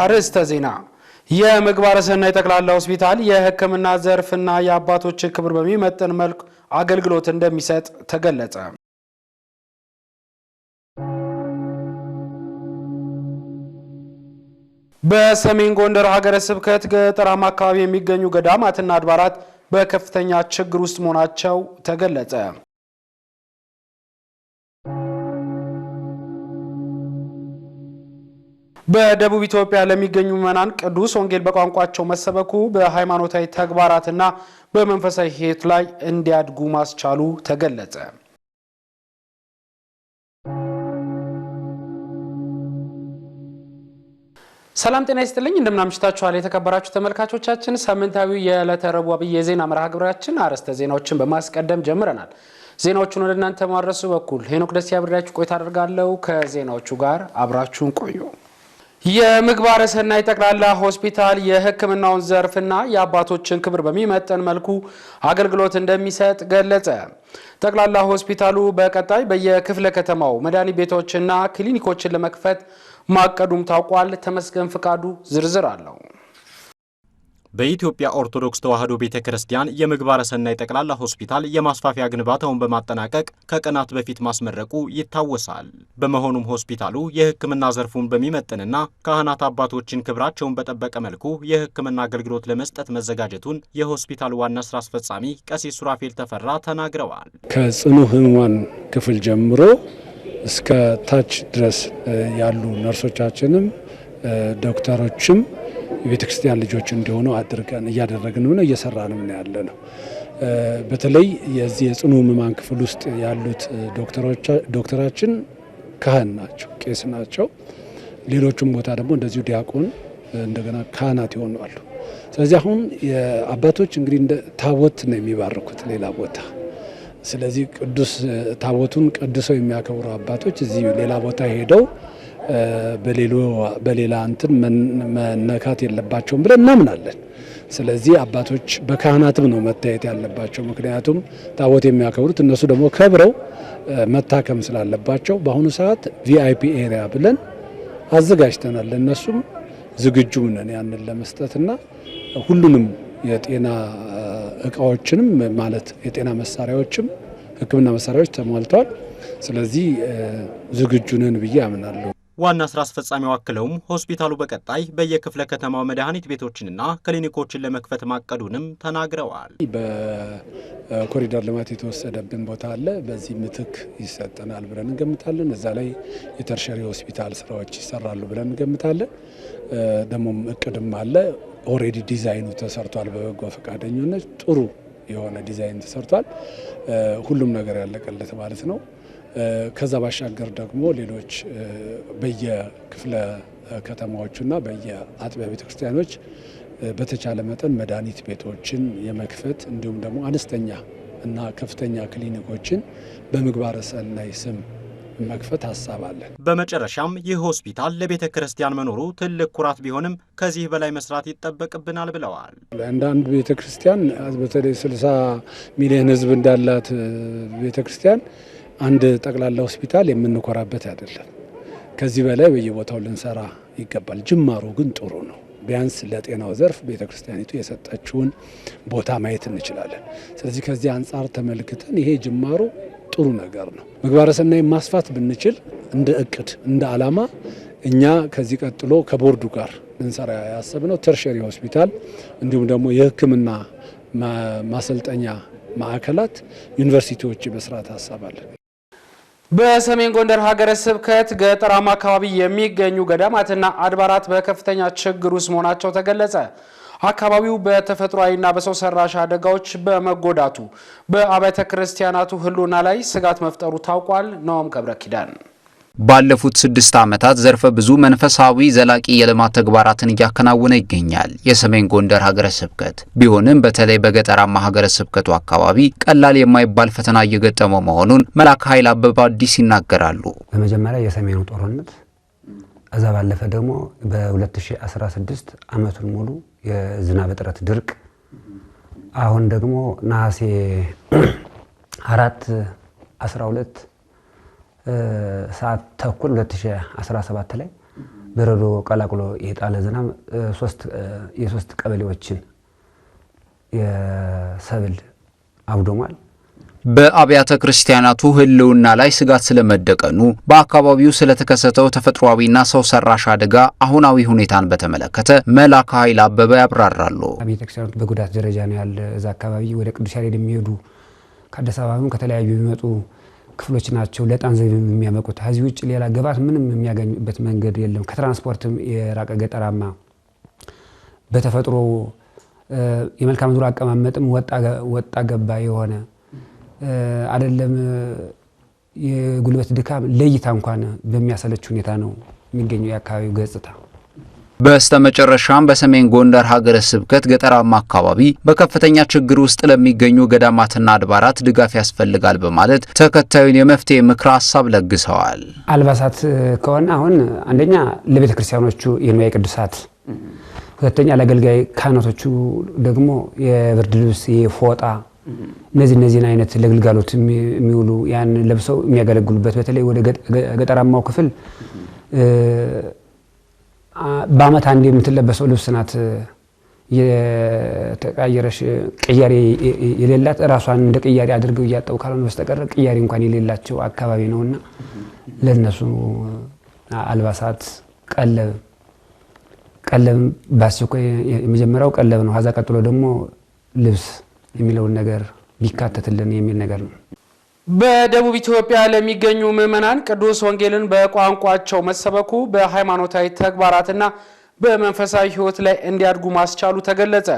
አርዕስተ ዜና የምግባረ ሰናይ ጠቅላላ ሆስፒታል የሕክምና ዘርፍና የአባቶች ክብር በሚመጥን መልኩ አገልግሎት እንደሚሰጥ ተገለጸ። በሰሜን ጎንደር ሀገረ ስብከት ገጠራማ አካባቢ የሚገኙ ገዳማትና አድባራት በከፍተኛ ችግር ውስጥ መሆናቸው ተገለጸ። በደቡብ ኢትዮጵያ ለሚገኙ ምዕመናን ቅዱስ ወንጌል በቋንቋቸው መሰበኩ በሃይማኖታዊ ተግባራትና በመንፈሳዊ ሕይወት ላይ እንዲያድጉ ማስቻሉ ተገለጸ። ሰላም ጤና ይስጥልኝ፣ እንደምናምሽታችኋል የተከበራችሁ ተመልካቾቻችን። ሳምንታዊ የዕለተ ረቡዕ አብይ የዜና መርሃ ግብራችን አርዕስተ ዜናዎችን በማስቀደም ጀምረናል። ዜናዎቹን ወደ እናንተ ማድረሱ በኩል ሄኖክ ደስ ያብሬያችሁ ቆይታ አደርጋለሁ። ከዜናዎቹ ጋር አብራችሁን ቆዩ። የምግባረ ሰናይ ጠቅላላ ሆስፒታል የሕክምናውን ዘርፍና የአባቶችን ክብር በሚመጠን መልኩ አገልግሎት እንደሚሰጥ ገለጸ። ጠቅላላ ሆስፒታሉ በቀጣይ በየክፍለ ከተማው መድኃኒት ቤቶችና ክሊኒኮችን ለመክፈት ማቀዱም ታውቋል። ተመስገን ፍቃዱ ዝርዝር አለው። በኢትዮጵያ ኦርቶዶክስ ተዋሕዶ ቤተ ክርስቲያን የምግባረ ሰናይ ጠቅላላ ሆስፒታል የማስፋፊያ ግንባታውን በማጠናቀቅ ከቀናት በፊት ማስመረቁ ይታወሳል። በመሆኑም ሆስፒታሉ የሕክምና ዘርፉን በሚመጥንና ካህናት አባቶችን ክብራቸውን በጠበቀ መልኩ የሕክምና አገልግሎት ለመስጠት መዘጋጀቱን የሆስፒታሉ ዋና ስራ አስፈጻሚ ቀሴ ሱራፌል ተፈራ ተናግረዋል። ከጽኑ ህሙማን ክፍል ጀምሮ እስከ ታች ድረስ ያሉ ነርሶቻችንም ዶክተሮችም የቤተ ክርስቲያን ልጆች እንዲሆኑ አድርገን እያደረግን ነው፣ እየሰራንም ነው ያለ ነው። በተለይ የዚህ የጽኑ ሕሙማን ክፍል ውስጥ ያሉት ዶክተራችን ካህን ናቸው፣ ቄስ ናቸው። ሌሎቹም ቦታ ደግሞ እንደዚሁ ዲያቆን እንደገና ካህናት ይሆኑ ስለዚህ አሁን አባቶች እንግዲህ እንደ ታቦት ነው የሚባርኩት ሌላ ቦታ። ስለዚህ ቅዱስ ታቦቱን ቀድሰው የሚያከብሩ አባቶች እዚህ ሌላ ቦታ ሄደው በሌላ እንትን መነካት የለባቸውም ብለን እናምናለን። ስለዚህ አባቶች በካህናትም ነው መታየት ያለባቸው። ምክንያቱም ታቦት የሚያከብሩት እነሱ ደግሞ ከብረው መታከም ስላለባቸው በአሁኑ ሰዓት ቪአይፒ ኤሪያ ብለን አዘጋጅተናል። እነሱም ዝግጁ ነን ያንን ለመስጠትና ሁሉንም የጤና እቃዎችንም ማለት የጤና መሳሪያዎችም ሕክምና መሳሪያዎች ተሟልተዋል። ስለዚህ ዝግጁ ነን ብዬ አምናለሁ። ዋና ስራ አስፈጻሚው አክለውም ሆስፒታሉ በቀጣይ በየክፍለ ከተማው መድኃኒት ቤቶችንና ክሊኒኮችን ለመክፈት ማቀዱንም ተናግረዋል። በኮሪደር ልማት የተወሰደብን ቦታ አለ። በዚህ ምትክ ይሰጠናል ብለን እንገምታለን። እዛ ላይ የተርሸሪ ሆስፒታል ስራዎች ይሰራሉ ብለን እንገምታለን። ደግሞም እቅድም አለ። ኦሬዲ ዲዛይኑ ተሰርቷል። በበጎ ፈቃደኝነት ጥሩ የሆነ ዲዛይን ተሰርቷል። ሁሉም ነገር ያለቀለት ማለት ነው። ከዛ ባሻገር ደግሞ ሌሎች በየክፍለ ከተማዎቹና በየአጥቢያ ቤተክርስቲያኖች በተቻለ መጠን መድኃኒት ቤቶችን የመክፈት እንዲሁም ደግሞ አነስተኛ እና ከፍተኛ ክሊኒኮችን በምግባረ ሰናይ ስም መክፈት ሀሳብ አለን። በመጨረሻም ይህ ሆስፒታል ለቤተ ክርስቲያን መኖሩ ትልቅ ኩራት ቢሆንም ከዚህ በላይ መስራት ይጠበቅብናል ብለዋል። እንደ ቤተ ክርስቲያን በተለይ 60 ሚሊዮን ሕዝብ እንዳላት ቤተ ክርስቲያን አንድ ጠቅላላ ሆስፒታል የምንኮራበት አይደለም። ከዚህ በላይ በየቦታው ልንሰራ ይገባል። ጅማሮ ግን ጥሩ ነው። ቢያንስ ለጤናው ዘርፍ ቤተ ክርስቲያኒቱ የሰጠችውን ቦታ ማየት እንችላለን። ስለዚህ ከዚህ አንጻር ተመልክተን ይሄ ጅማሮ ጥሩ ነገር ነው። ምግባረ ሰናይ ማስፋት ብንችል እንደ እቅድ እንደ አላማ እኛ ከዚህ ቀጥሎ ከቦርዱ ጋር ልንሰራ ያሰብነው ተርሸሪ ሆስፒታል እንዲሁም ደግሞ የሕክምና ማሰልጠኛ ማዕከላት ዩኒቨርሲቲዎች በስርዓት ሀሳብ አለን። በሰሜን ጎንደር ሀገረ ስብከት ገጠራማ አካባቢ የሚገኙ ገዳማትና አድባራት በከፍተኛ ችግር ውስጥ መሆናቸው ተገለጸ። አካባቢው በተፈጥሯዊና በሰው ሰራሽ አደጋዎች በመጎዳቱ በአብያተ ክርስቲያናቱ ሕልውና ላይ ስጋት መፍጠሩ ታውቋል። ነውም ገብረ ኪዳን ባለፉት ስድስት ዓመታት ዘርፈ ብዙ መንፈሳዊ ዘላቂ የልማት ተግባራትን እያከናወነ ይገኛል የሰሜን ጎንደር ሀገረ ስብከት። ቢሆንም በተለይ በገጠራማ ሀገረ ስብከቱ አካባቢ ቀላል የማይባል ፈተና እየገጠመው መሆኑን መላክ ኃይል አበባ አዲስ ይናገራሉ። በመጀመሪያ የሰሜኑ ጦርነት እዛ ባለፈ ደግሞ በ2016 ዓመቱን ሙሉ የዝናብ እጥረት ድርቅ፣ አሁን ደግሞ ነሐሴ አራት 12 ሰዓት ተኩል 2017 ላይ በረዶ ቀላቅሎ የጣለ ዝናብ የሶስት ቀበሌዎችን የሰብል አውድሟል። በአብያተ ክርስቲያናቱ ሕልውና ላይ ስጋት ስለመደቀኑ በአካባቢው ስለተከሰተው ተፈጥሯዊና ሰው ሰራሽ አደጋ አሁናዊ ሁኔታን በተመለከተ መላከ ኃይል አበበ ያብራራሉ። አብያተ ክርስቲያናቱ በጉዳት ደረጃ ነው ያለ። እዛ አካባቢ ወደ ቅዱስ ያሬድ የሚሄዱ ከአዲስ አበባም ከተለያዩ የሚመጡ ክፍሎች ናቸው ለዕጣን የሚያመቁት። ከዚህ ውጭ ሌላ ግብዓት ምንም የሚያገኙበት መንገድ የለም። ከትራንስፖርትም የራቀ ገጠራማ በተፈጥሮ የመልክዓ ምድሩ አቀማመጥም ወጣ ገባ የሆነ አይደለም። የጉልበት ድካም ለእይታ እንኳን በሚያሰለች ሁኔታ ነው የሚገኘው የአካባቢው ገጽታ። በስተመጨረሻም በሰሜን ጎንደር ሀገረ ስብከት ገጠራማ አካባቢ በከፍተኛ ችግር ውስጥ ለሚገኙ ገዳማትና አድባራት ድጋፍ ያስፈልጋል በማለት ተከታዩን የመፍትሄ ምክረ ሀሳብ ለግሰዋል። አልባሳት ከሆነ አሁን አንደኛ ለቤተ ክርስቲያኖቹ የንዋየ ቅዱሳት፣ ሁለተኛ ለአገልጋይ ካህናቶቹ ደግሞ የብርድ ልብስ፣ የፎጣ እነዚህ እነዚህን አይነት ለግልጋሎት የሚውሉ ያን ለብሰው የሚያገለግሉበት በተለይ ወደ ገጠራማው ክፍል በአመት አንድ የምትለበሰው ልብስ ናት የተቀያየረሽ ቅያሬ የሌላት እራሷን እንደ ቅያሬ አድርገው እያጠው ካልሆነ በስተቀር ቅያሬ እንኳን የሌላቸው አካባቢ ነውና ለእነሱ አልባሳት ቀለብ ቀለብ ባስኮ የመጀመሪያው ቀለብ ነው። ከዛ ቀጥሎ ደግሞ ልብስ የሚለውን ነገር ቢካተትልን የሚል ነገር ነው። በደቡብ ኢትዮጵያ ለሚገኙ ምዕመናን ቅዱስ ወንጌልን በቋንቋቸው መሰበኩ በሃይማኖታዊ ተግባራትና በመንፈሳዊ ሕይወት ላይ እንዲያድጉ ማስቻሉ ተገለጸ።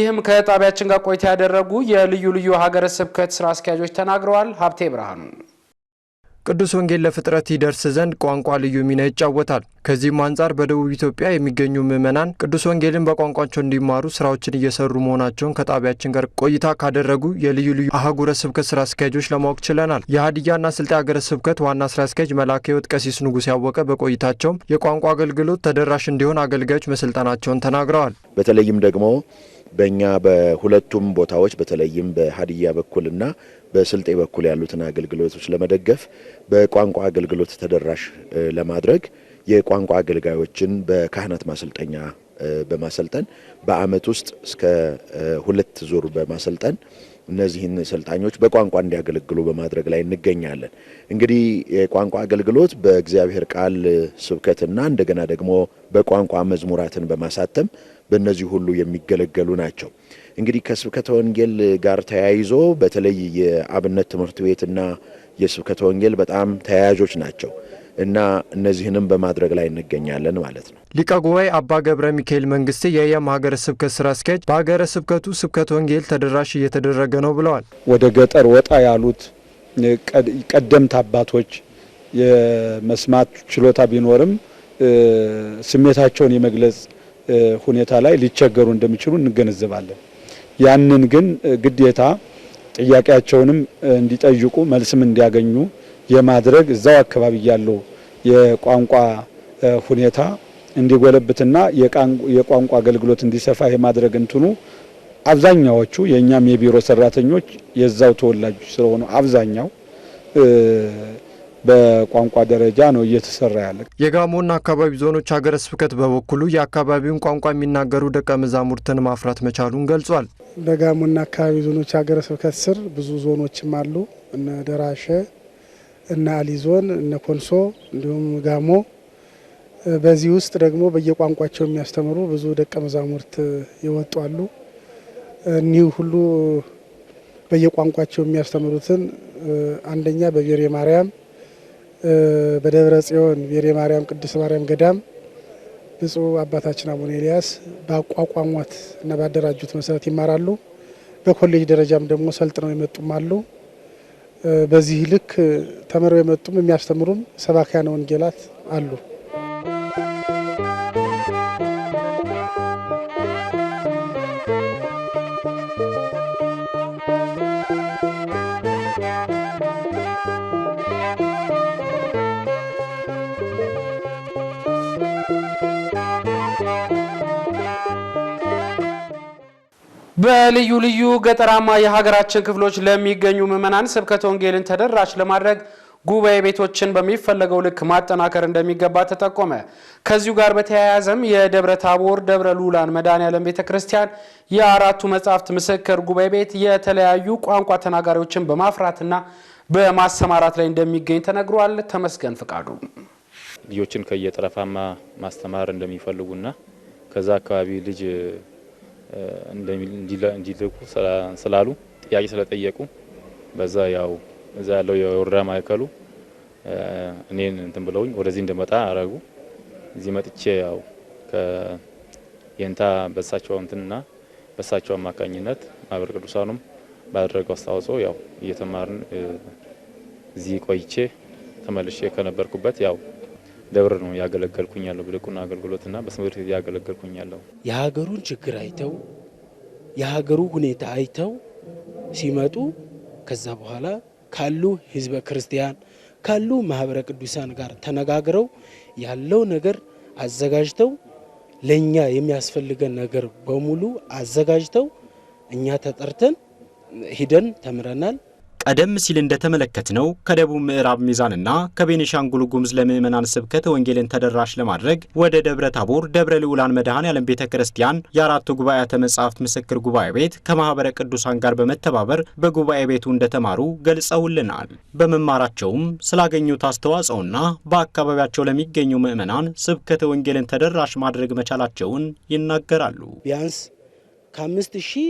ይህም ከጣቢያችን ጋር ቆይታ ያደረጉ የልዩ ልዩ ሀገረ ስብከት ስራ አስኪያጆች ተናግረዋል። ሀብቴ ብርሃኑ ቅዱስ ወንጌል ለፍጥረት ይደርስ ዘንድ ቋንቋ ልዩ ሚና ይጫወታል። ከዚህም አንጻር በደቡብ ኢትዮጵያ የሚገኙ ምዕመናን ቅዱስ ወንጌልን በቋንቋቸው እንዲማሩ ስራዎችን እየሰሩ መሆናቸውን ከጣቢያችን ጋር ቆይታ ካደረጉ የልዩ ልዩ አህጉረ ስብከት ስራ አስኪያጆች ለማወቅ ችለናል። የሀዲያና ስልጤ ሀገረ ስብከት ዋና ስራ አስኪያጅ መልአከ ሕይወት ቀሲስ ንጉሥ ያወቀ በቆይታቸውም የቋንቋ አገልግሎት ተደራሽ እንዲሆን አገልጋዮች መሰልጠናቸውን ተናግረዋል። በተለይም ደግሞ በእኛ በሁለቱም ቦታዎች በተለይም በሀዲያ በኩልና በስልጤ በኩል ያሉትን አገልግሎቶች ለመደገፍ በቋንቋ አገልግሎት ተደራሽ ለማድረግ የቋንቋ አገልጋዮችን በካህናት ማሰልጠኛ በማሰልጠን በአመት ውስጥ እስከ ሁለት ዙር በማሰልጠን እነዚህን ሰልጣኞች በቋንቋ እንዲያገለግሉ በማድረግ ላይ እንገኛለን። እንግዲህ የቋንቋ አገልግሎት በእግዚአብሔር ቃል ስብከትና እንደገና ደግሞ በቋንቋ መዝሙራትን በማሳተም በእነዚህ ሁሉ የሚገለገሉ ናቸው። እንግዲህ ከስብከተ ወንጌል ጋር ተያይዞ በተለይ የአብነት ትምህርት ቤትና የስብከተ ወንጌል በጣም ተያያዦች ናቸው እና እነዚህንም በማድረግ ላይ እንገኛለን ማለት ነው። ሊቀ ጉባኤ አባ ገብረ ሚካኤል መንግስቴ የየም ሀገረ ስብከት ስራ አስኪያጅ፣ በሀገረ ስብከቱ ስብከት ወንጌል ተደራሽ እየተደረገ ነው ብለዋል። ወደ ገጠር ወጣ ያሉት ቀደምት አባቶች የመስማት ችሎታ ቢኖርም ስሜታቸውን የመግለጽ ሁኔታ ላይ ሊቸገሩ እንደሚችሉ እንገነዘባለን። ያንን ግን ግዴታ ጥያቄያቸውንም እንዲጠይቁ መልስም እንዲያገኙ የማድረግ እዛው አካባቢ ያለው የቋንቋ ሁኔታ እንዲጎለብትና የቋንቋ አገልግሎት እንዲሰፋ የማድረግ እንትኑ አብዛኛዎቹ የእኛም የቢሮ ሰራተኞች የዛው ተወላጆች ስለሆኑ አብዛኛው በቋንቋ ደረጃ ነው እየተሰራ ያለ። የጋሞና አካባቢ ዞኖች ሀገረ ስብከት በበኩሉ የአካባቢውን ቋንቋ የሚናገሩ ደቀ መዛሙርትን ማፍራት መቻሉን ገልጿል። በጋሞና አካባቢ ዞኖች ሀገረ ስብከት ስር ብዙ ዞኖችም አሉ። እነ ደራሸ፣ እነ አሊ ዞን፣ እነ ኮንሶ እንዲሁም ጋሞ። በዚህ ውስጥ ደግሞ በየቋንቋቸው የሚያስተምሩ ብዙ ደቀ መዛሙርት የወጡ አሉ። እኒህ ሁሉ በየቋንቋቸው የሚያስተምሩትን አንደኛ በቤሬ ማርያም በደብረ ጽዮን ቤሬ ማርያም ቅድስት ማርያም ገዳም ብፁዕ አባታችን አቡነ ኤልያስ በአቋቋሟት እና ባደራጁት መሰረት ይማራሉ። በኮሌጅ ደረጃም ደግሞ ሰልጥነው የመጡም አሉ። በዚህ ልክ ተምረው የመጡም የሚያስተምሩም ሰባክያነ ወንጌላት አሉ። በልዩ ልዩ ገጠራማ የሀገራችን ክፍሎች ለሚገኙ ምዕመናን ስብከተ ወንጌልን ተደራሽ ለማድረግ ጉባኤ ቤቶችን በሚፈለገው ልክ ማጠናከር እንደሚገባ ተጠቆመ። ከዚሁ ጋር በተያያዘም የደብረ ታቦር ደብረ ሉላን መድኃኔዓለም ቤተ ክርስቲያን የአራቱ መጻሕፍት ምስክር ጉባኤ ቤት የተለያዩ ቋንቋ ተናጋሪዎችን በማፍራትና በማሰማራት ላይ እንደሚገኝ ተነግሯል። ተመስገን ፍቃዱ ልጆችን ከየጠረፋማ ማስተማር እንደሚፈልጉና ከዛ አካባቢ ልጅ እንዲልኩ ስላሉ ጥያቄ ስለጠየቁ በዛ ያው እዛ ያለው የወረዳ ማዕከሉ እኔን እንትን ብለውኝ ወደዚህ እንድመጣ አረጉ። እዚህ መጥቼ ያው የእንታ በሳቸው እንትንና በሳቸው አማካኝነት ማህበረ ቅዱሳኑም ባደረገው አስተዋጽኦ ያው እየተማርን እዚህ ቆይቼ ተመልሼ ከነበርኩበት ያው ደብር ነው ያገለገልኩኝ ያለው በዲቁና አገልግሎትና በስምርት ያገለገልኩኝ ያለው። የሀገሩን ችግር አይተው የሀገሩ ሁኔታ አይተው ሲመጡ ከዛ በኋላ ካሉ ህዝበ ክርስቲያን ካሉ ማህበረ ቅዱሳን ጋር ተነጋግረው ያለው ነገር አዘጋጅተው ለእኛ የሚያስፈልገን ነገር በሙሉ አዘጋጅተው እኛ ተጠርተን ሂደን ተምረናል። ቀደም ሲል እንደተመለከትነው ከደቡብ ምዕራብ ሚዛንና ከቤኒሻንጉል ጉሙዝ ለምዕመናን ስብከት ወንጌልን ተደራሽ ለማድረግ ወደ ደብረ ታቦር ደብረ ልዑላን መድኃኔ ዓለም ቤተ ክርስቲያን የአራቱ ጉባኤያተ መጻሕፍት ምስክር ጉባኤ ቤት ከማኅበረ ቅዱሳን ጋር በመተባበር በጉባኤ ቤቱ እንደተማሩ ገልጸውልናል። በመማራቸውም ስላገኙት አስተዋጽኦና በአካባቢያቸው ለሚገኙ ምዕመናን ስብከት ወንጌልን ተደራሽ ማድረግ መቻላቸውን ይናገራሉ። ቢያንስ ከአምስት ሺህ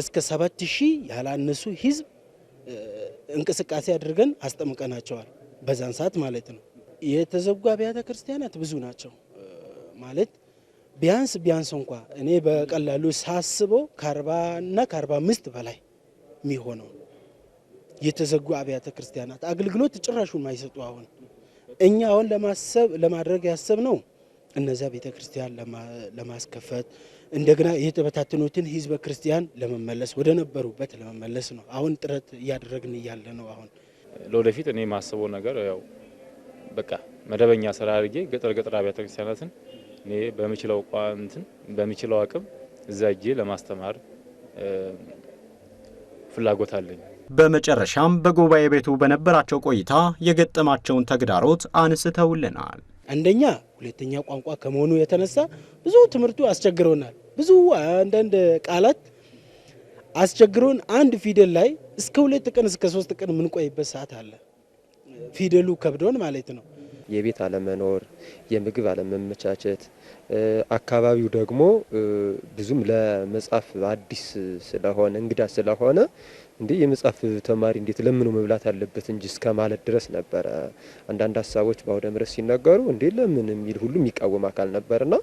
እስከ ሰባት ሺህ ያላነሱ ህዝብ እንቅስቃሴ አድርገን አስጠምቀናቸዋል። በዛን ሰዓት ማለት ነው። የተዘጉ አብያተ ክርስቲያናት ብዙ ናቸው ማለት ቢያንስ ቢያንስ እንኳ እኔ በቀላሉ ሳስበው ከአርባ እና ከአርባ አምስት በላይ የሚሆነው የተዘጉ አብያተ ክርስቲያናት አገልግሎት ጭራሹን ማይሰጡ አሁን እኛ አሁን ለማሰብ ለማድረግ ያሰብ ነው እነዚያ ቤተ ክርስቲያን ለማስከፈት እንደገና የተበታተኑትን ህዝበ ክርስቲያን ለመመለስ ወደ ነበሩበት ለመመለስ ነው አሁን ጥረት እያደረግን እያለ ነው። አሁን ለወደፊት እኔ የማስበው ነገር ያው በቃ መደበኛ ስራ አድርጌ ገጠር ገጠር አብያተ ክርስቲያናትን እኔ በሚችለው ቋንትን በሚችለው አቅም እዛ እጄ ለማስተማር ፍላጎት አለኝ። በመጨረሻም በጉባኤ ቤቱ በነበራቸው ቆይታ የገጠማቸውን ተግዳሮት አንስተውልናል። አንደኛ ሁለተኛ ቋንቋ ከመሆኑ የተነሳ ብዙ ትምህርቱ አስቸግረውናል። ብዙ አንዳንድ ቃላት አስቸግሮን አንድ ፊደል ላይ እስከ ሁለት ቀን እስከ ሶስት ቀን የምንቆይበት ሰዓት አለ። ፊደሉ ከብዶን ማለት ነው። የቤት አለመኖር፣ የምግብ አለመመቻቸት፣ አካባቢው ደግሞ ብዙም ለመጻፍ አዲስ ስለሆነ እንግዳ ስለሆነ እንዴ የመጽሐፍ ተማሪ እንዴት ለምኖ መብላት አለበት እንጂ እስከ ማለት ድረስ ነበረ። አንዳንድ ሀሳቦች በአውደ ምሕረት ሲነገሩ እንዴ ለምን የሚል ሁሉ የሚቃወም አካል ነበርና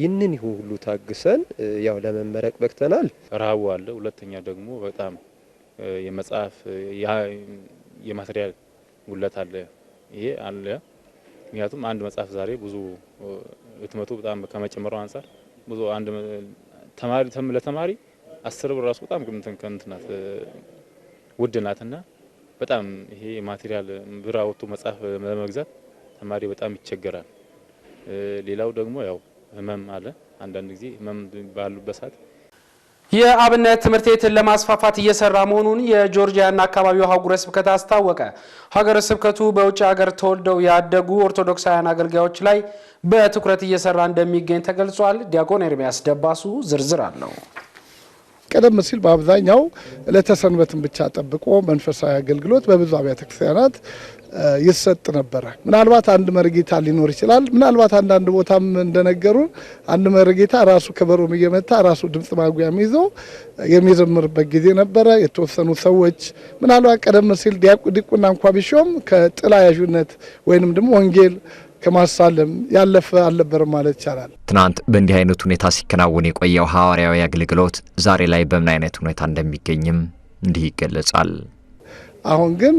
ይህንን ይሁ ሁሉ ታግሰን ያው ለመመረቅ በቅተናል። ረሃቡ አለ። ሁለተኛ ደግሞ በጣም የመጽሐፍ የማቴሪያል ጉለት አለ። ይሄ አለ። ምክንያቱም አንድ መጽሐፍ ዛሬ ብዙ ህትመቱ በጣም ከመጨመሩ አንጻር ብዙ አንድ ተማሪ ለተማሪ አስር ብር ራሱ በጣም ግምትን ከእንትናት ውድ ናትና በጣም ይሄ ማቴሪያል ብር መጽሐፍ ለመግዛት ተማሪ በጣም ይቸገራል። ሌላው ደግሞ ያው ህመም አለ። አንዳንድ ጊዜ ህመም ባሉበት ሰዓት የአብነት ትምህርት ቤትን ለማስፋፋት እየሰራ መሆኑን የጆርጂያና አካባቢው ሀገረ ስብከት አስታወቀ። ሀገረ ስብከቱ በውጭ ሀገር ተወልደው ያደጉ ኦርቶዶክሳውያን አገልጋዮች ላይ በትኩረት እየሰራ እንደሚገኝ ተገልጿል። ዲያቆን ኤርሚያስ ደባሱ ዝርዝር አለው። ቀደም ሲል በአብዛኛው ለተሰንበትን ብቻ ጠብቆ መንፈሳዊ አገልግሎት በብዙ አብያተ ክርስቲያናት ይሰጥ ነበረ። ምናልባት አንድ መርጌታ ሊኖር ይችላል። ምናልባት አንዳንድ ቦታም እንደነገሩ አንድ መርጌታ ራሱ ከበሮም እየመታ ራሱ ድምፅ ማጉያም ይዞ የሚዘምርበት ጊዜ ነበረ። የተወሰኑ ሰዎች ምናልባት ቀደም ሲል ዲቁና እንኳ ቢሾም ከጥላ ያዥነት ወይንም ደግሞ ወንጌል ከማሳለም ያለፈ አልነበረም ማለት ይቻላል። ትናንት በእንዲህ አይነት ሁኔታ ሲከናወን የቆየው ሐዋርያዊ አገልግሎት ዛሬ ላይ በምን አይነት ሁኔታ እንደሚገኝም እንዲህ ይገለጻል። አሁን ግን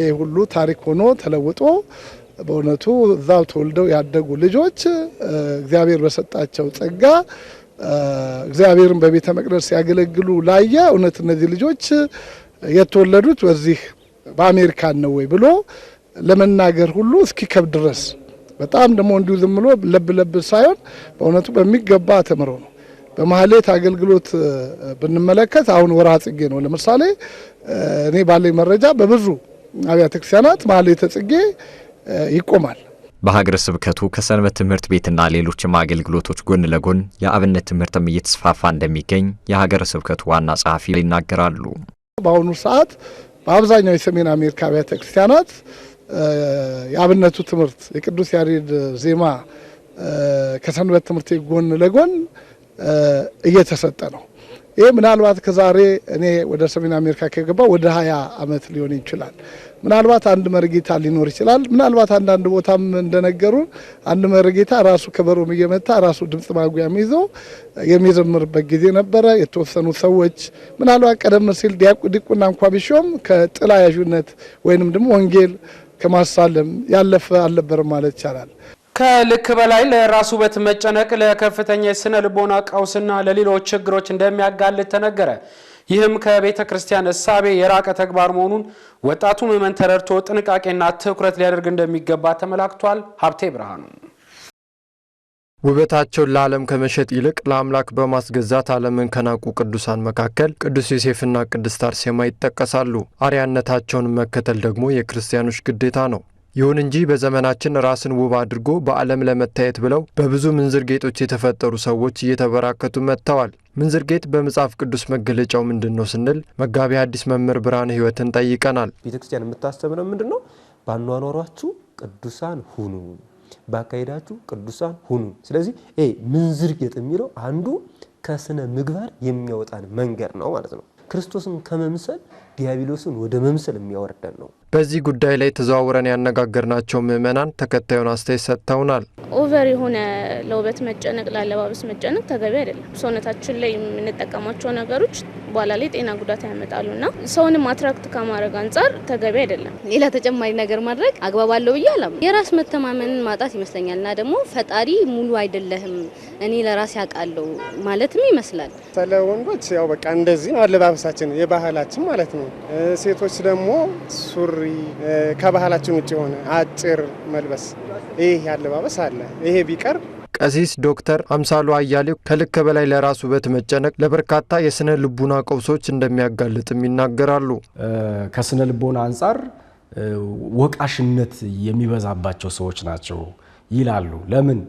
ይህ ሁሉ ታሪክ ሆኖ ተለውጦ በእውነቱ እዛው ተወልደው ያደጉ ልጆች እግዚአብሔር በሰጣቸው ጸጋ እግዚአብሔርን በቤተ መቅደስ ሲያገለግሉ ላየ እውነት እነዚህ ልጆች የተወለዱት በዚህ በአሜሪካን ነው ወይ ብሎ ለመናገር ሁሉ እስኪከብድ ድረስ በጣም ደግሞ እንዲሁ ዝም ብሎ ለብ ለብ ሳይሆን በእውነቱ በሚገባ ተምሮ ነው። በማህሌት አገልግሎት ብንመለከት አሁን ወርሃ ጽጌ ነው። ለምሳሌ እኔ ባለኝ መረጃ በብዙ አብያተ ክርስቲያናት ማህሌተ ጽጌ ይቆማል። በሀገረ ስብከቱ ከሰንበት ትምህርት ቤትና ሌሎችም አገልግሎቶች ጎን ለጎን የአብነት ትምህርትም እየተስፋፋ እንደሚገኝ የሀገረ ስብከቱ ዋና ጸሐፊ ይናገራሉ። በአሁኑ ሰዓት በአብዛኛው የሰሜን አሜሪካ አብያተ ክርስቲያናት የአብነቱ ትምህርት የቅዱስ ያሬድ ዜማ ከሰንበት ትምህርት ጎን ለጎን እየተሰጠ ነው። ይህ ምናልባት ከዛሬ እኔ ወደ ሰሜን አሜሪካ ከገባ ወደ ሀያ አመት ሊሆን ይችላል። ምናልባት አንድ መርጌታ ሊኖር ይችላል። ምናልባት አንዳንድ ቦታም እንደነገሩ አንድ መርጌታ ራሱ ከበሮም እየመታ ራሱ ድምፅ ማጉያም ይዞ የሚዘምርበት ጊዜ ነበረ። የተወሰኑ ሰዎች ምናልባት ቀደም ሲል ዲቁና እንኳ ቢሾም ከጥላ ያዥነት ወይንም ደግሞ ወንጌል ከማሳለም ያለፈ አልነበረም ማለት ይቻላል። ከልክ በላይ ለራስ ውበት መጨነቅ ለከፍተኛ የስነ ልቦና ቀውስና ለሌሎች ችግሮች እንደሚያጋልጥ ተነገረ። ይህም ከቤተ ክርስቲያን እሳቤ የራቀ ተግባር መሆኑን ወጣቱ ምዕመን ተረድቶ ጥንቃቄና ትኩረት ሊያደርግ እንደሚገባ ተመላክቷል። ሀብቴ ብርሃኑ ውበታቸውን ለዓለም ከመሸጥ ይልቅ ለአምላክ በማስገዛት ዓለምን ከናቁ ቅዱሳን መካከል ቅዱስ ዮሴፍና ቅድስት አርሴማ ይጠቀሳሉ። አርያነታቸውን መከተል ደግሞ የክርስቲያኖች ግዴታ ነው። ይሁን እንጂ በዘመናችን ራስን ውብ አድርጎ በዓለም ለመታየት ብለው በብዙ ምንዝር ጌጦች የተፈጠሩ ሰዎች እየተበራከቱ መጥተዋል። ምንዝር ጌጥ በመጽሐፍ ቅዱስ መገለጫው ምንድን ነው ስንል መጋቢ አዲስ መምህር ብርሃነ ሕይወትን ጠይቀናል። ቤተክርስቲያን የምታስተምረው ምንድን ነው? ባኗኗሯችሁ ቅዱሳን ሁኑ ባካሄዳችሁ ቅዱሳን ሁኑ። ስለዚህ ምንዝር ጌጥ የሚለው አንዱ ከስነ ምግባር የሚያወጣን መንገድ ነው ማለት ነው። ክርስቶስን ከመምሰል ዲያብሎስን ወደ መምሰል የሚያወርደን ነው። በዚህ ጉዳይ ላይ ተዘዋውረን ያነጋገርናቸው ምዕመናን ተከታዩን አስተያየት ሰጥተውናል። ኦቨር የሆነ ለውበት መጨነቅ፣ ለአለባበስ መጨነቅ ተገቢ አይደለም። ሰውነታችን ላይ የምንጠቀማቸው ነገሮች በኋላ ላይ ጤና ጉዳት ያመጣሉና ሰውንም አትራክት ከማድረግ አንጻር ተገቢ አይደለም። ሌላ ተጨማሪ ነገር ማድረግ አግባብ አለው ብዬ አላም የራስ መተማመንን ማጣት ይመስለኛል እና ደግሞ ፈጣሪ ሙሉ አይደለህም እኔ ለራሴ ያውቃለሁ ማለትም ይመስላል። ስለ ወንዶች ያው በቃ እንደዚህ ነው አለባበሳችን የባህላችን ማለት ነው። ሴቶች ደግሞ ሱሪ ባህላዊ ከባህላችን ውጭ የሆነ አጭር መልበስ ይህ አለባበስ አለ። ይሄ ቢቀር ቀሲስ ዶክተር አምሳሉ አያሌው ከልክ በላይ ለራስ ውበት መጨነቅ ለበርካታ የስነ ልቡና ቀውሶች እንደሚያጋልጥም ይናገራሉ። ከስነ ልቦና አንጻር ወቃሽነት የሚበዛባቸው ሰዎች ናቸው ይላሉ። ለምን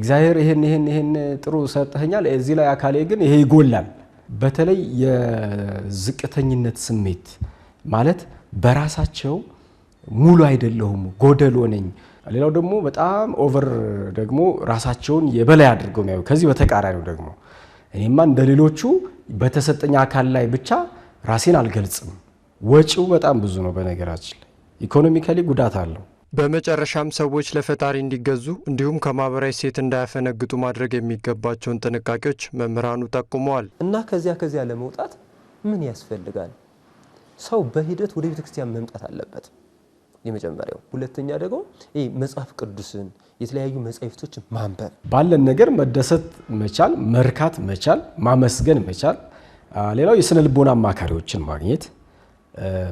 እግዚአብሔር ይሄን ይሄን ይሄን ጥሩ ሰጥተኛል፣ እዚህ ላይ አካሌ ግን ይሄ ይጎላል። በተለይ የዝቅተኝነት ስሜት ማለት በራሳቸው ሙሉ አይደለሁም፣ ጎደሎ ነኝ። ሌላው ደግሞ በጣም ኦቨር ደግሞ ራሳቸውን የበላይ አድርገው የሚያዩ ከዚህ በተቃራኒው ደግሞ እኔማ እንደ ሌሎቹ በተሰጠኝ አካል ላይ ብቻ ራሴን አልገልጽም። ወጪው በጣም ብዙ ነው። በነገራችን ላይ ኢኮኖሚካሊ ጉዳት አለው። በመጨረሻም ሰዎች ለፈጣሪ እንዲገዙ እንዲሁም ከማህበራዊ ሴት እንዳያፈነግጡ ማድረግ የሚገባቸውን ጥንቃቄዎች መምህራኑ ጠቁመዋል። እና ከዚያ ከዚያ ለመውጣት ምን ያስፈልጋል? ሰው በሂደት ወደ ቤተ ክርስቲያን መምጣት አለበት። የመጀመሪያው። ሁለተኛ ደግሞ ይህ መጽሐፍ ቅዱስን የተለያዩ መጽሐፍቶችን ማንበብ፣ ባለን ነገር መደሰት መቻል፣ መርካት መቻል፣ ማመስገን መቻል። ሌላው የስነ ልቦና አማካሪዎችን ማግኘት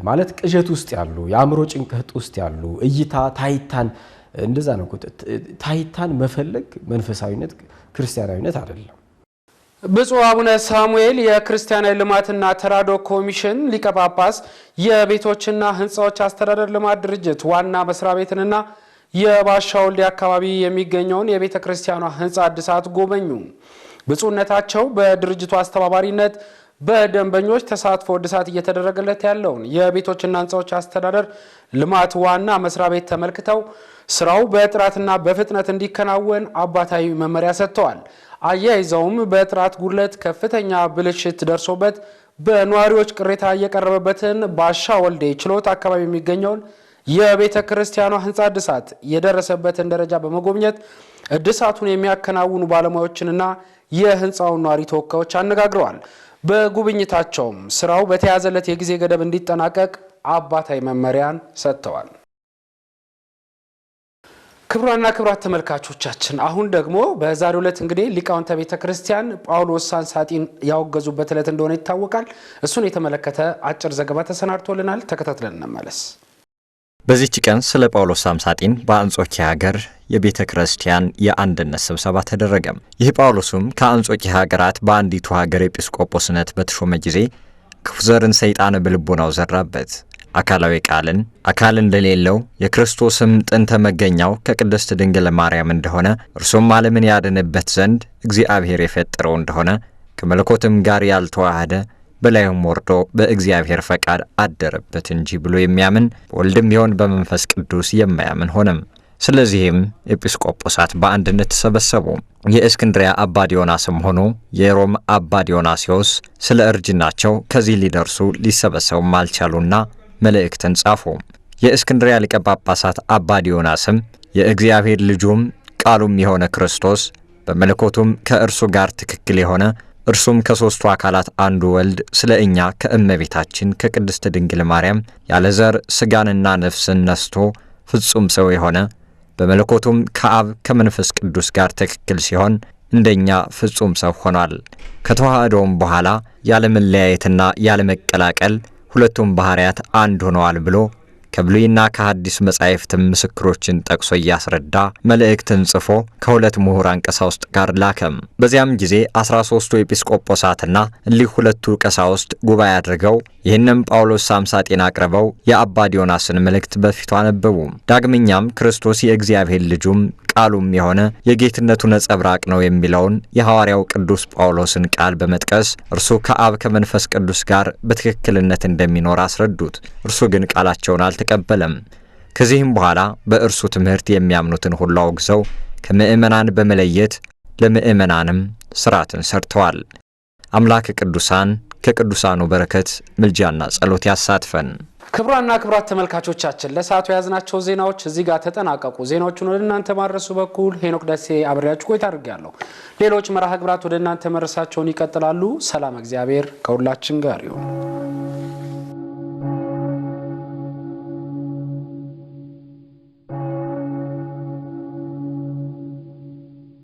ማለት ቅዠት ውስጥ ያሉ የአእምሮ ጭንቀት ውስጥ ያሉ እይታ ታይታን እንደዛ ነው። ታይታን መፈለግ መንፈሳዊነት ክርስቲያናዊነት አይደለም። ብፁዕ አቡነ ሳሙኤል የክርስቲያናዊ ልማትና ተራድኦ ኮሚሽን ሊቀ ጳጳስ የቤቶችና ህንፃዎች አስተዳደር ልማት ድርጅት ዋና መስሪያ ቤትንና የባሻ ወልዴ አካባቢ የሚገኘውን የቤተ ክርስቲያኗ ህንፃ እድሳት ጎበኙ። ብፁዕነታቸው በድርጅቱ አስተባባሪነት በደንበኞች ተሳትፎ እድሳት እየተደረገለት ያለውን የቤቶችና ህንፃዎች አስተዳደር ልማት ዋና መስሪያ ቤት ተመልክተው ስራው በጥራትና በፍጥነት እንዲከናወን አባታዊ መመሪያ ሰጥተዋል። አያይዘውም በጥራት ጉድለት ከፍተኛ ብልሽት ደርሶበት በነዋሪዎች ቅሬታ እየቀረበበትን ባሻ ወልዴ ችሎት አካባቢ የሚገኘውን የቤተ ክርስቲያኗ ህንፃ እድሳት የደረሰበትን ደረጃ በመጎብኘት እድሳቱን የሚያከናውኑ ባለሙያዎችንና የህንፃውን ነዋሪ ተወካዮች አነጋግረዋል። በጉብኝታቸውም ስራው በተያዘለት የጊዜ ገደብ እንዲጠናቀቅ አባታዊ መመሪያን ሰጥተዋል። ክብሯና ክቡራት ተመልካቾቻችን አሁን ደግሞ በዛሬ ዕለት እንግዲህ ሊቃውንተ ቤተ ክርስቲያን ጳውሎስ ሳንሳጢን ያወገዙበት ዕለት እንደሆነ ይታወቃል። እሱን የተመለከተ አጭር ዘገባ ተሰናድቶልናል። ተከታትለን እንመለስ። በዚች ቀን ስለ ጳውሎስ ሳምሳጢን በአንጾኪያ ሀገር የቤተ ክርስቲያን የአንድነት ስብሰባ ተደረገ። ይህ ጳውሎስም ከአንጾኪያ ሀገራት በአንዲቱ ሀገር ኤጲስቆጶስነት በተሾመ ጊዜ ክፉ ዘርን ሰይጣን በልቦናው ዘራበት። አካላዊ ቃልን አካል እንደሌለው የክርስቶስም ጥንተ መገኛው ከቅድስት ድንግል ማርያም እንደሆነ እርሱም ዓለምን ያድንበት ዘንድ እግዚአብሔር የፈጠረው እንደሆነ ከመለኮትም ጋር ያልተዋሃደ በላይም ወርዶ በእግዚአብሔር ፈቃድ አደረበት እንጂ ብሎ የሚያምን በወልድም ቢሆን በመንፈስ ቅዱስ የማያምን ሆነም። ስለዚህም ኤጲስቆጶሳት በአንድነት ተሰበሰቡ። የእስክንድሪያ አባ ዲዮናስም ሆኑ የሮም አባ ዲዮናስዮስ ስለ እርጅናቸው ከዚህ ሊደርሱ ሊሰበሰቡም አልቻሉና መልእክትን ጻፉ። የእስክንድሪያ ሊቀ ጳጳሳት አባ ዲዮናስም የእግዚአብሔር ልጁም ቃሉም የሆነ ክርስቶስ በመለኮቱም ከእርሱ ጋር ትክክል የሆነ እርሱም ከሦስቱ አካላት አንዱ ወልድ ስለ እኛ ከእመቤታችን ከቅድስት ድንግል ማርያም ያለ ዘር ሥጋንና ነፍስን ነስቶ ፍጹም ሰው የሆነ በመለኮቱም ከአብ ከመንፈስ ቅዱስ ጋር ትክክል ሲሆን እንደኛ ፍጹም ሰው ሆኗል። ከተዋህዶውም በኋላ ያለመለያየትና መቀላቀል። ሁለቱም ባህርያት አንድ ሆነዋል ብሎ ከብሉይና ከሐዲስ መጻሕፍትም ምስክሮችን ጠቅሶ እያስረዳ መልእክትን ጽፎ ከሁለት ምሁራን ቀሳውስት ጋር ላከም። በዚያም ጊዜ አስራ ሦስቱ ኤጲስቆጶሳትና እሊህ ሁለቱ ቀሳውስት ጉባኤ አድርገው ይህንም ጳውሎስ ሳምሳጤን አቅርበው የአባ ዲዮናስን መልእክት በፊቱ አነበቡ። ዳግመኛም ክርስቶስ የእግዚአብሔር ልጁም ቃሉም የሆነ የጌትነቱ ነጸብራቅ ነው የሚለውን የሐዋርያው ቅዱስ ጳውሎስን ቃል በመጥቀስ እርሱ ከአብ ከመንፈስ ቅዱስ ጋር በትክክልነት እንደሚኖር አስረዱት። እርሱ ግን ቃላቸውን አልተቀበለም። ከዚህም በኋላ በእርሱ ትምህርት የሚያምኑትን ሁሉ አውግዘው ከምእመናን በመለየት ለምእመናንም ሥርዓትን ሰርተዋል። አምላክ ቅዱሳን ከቅዱሳኑ በረከት ምልጃና ጸሎት ያሳትፈን። ክቡራና ክቡራት ተመልካቾቻችን ለሰዓቱ የያዝናቸው ዜናዎች እዚህ ጋር ተጠናቀቁ። ዜናዎቹን ወደ እናንተ ማድረሱ በኩል ሄኖክ ደሴ አብሬያችሁ ቆይታ አድርጌያለሁ። ሌሎች መርሃ ግብራት ወደ እናንተ መድረሳቸውን ይቀጥላሉ። ሰላም፣ እግዚአብሔር ከሁላችን ጋር ይሁን።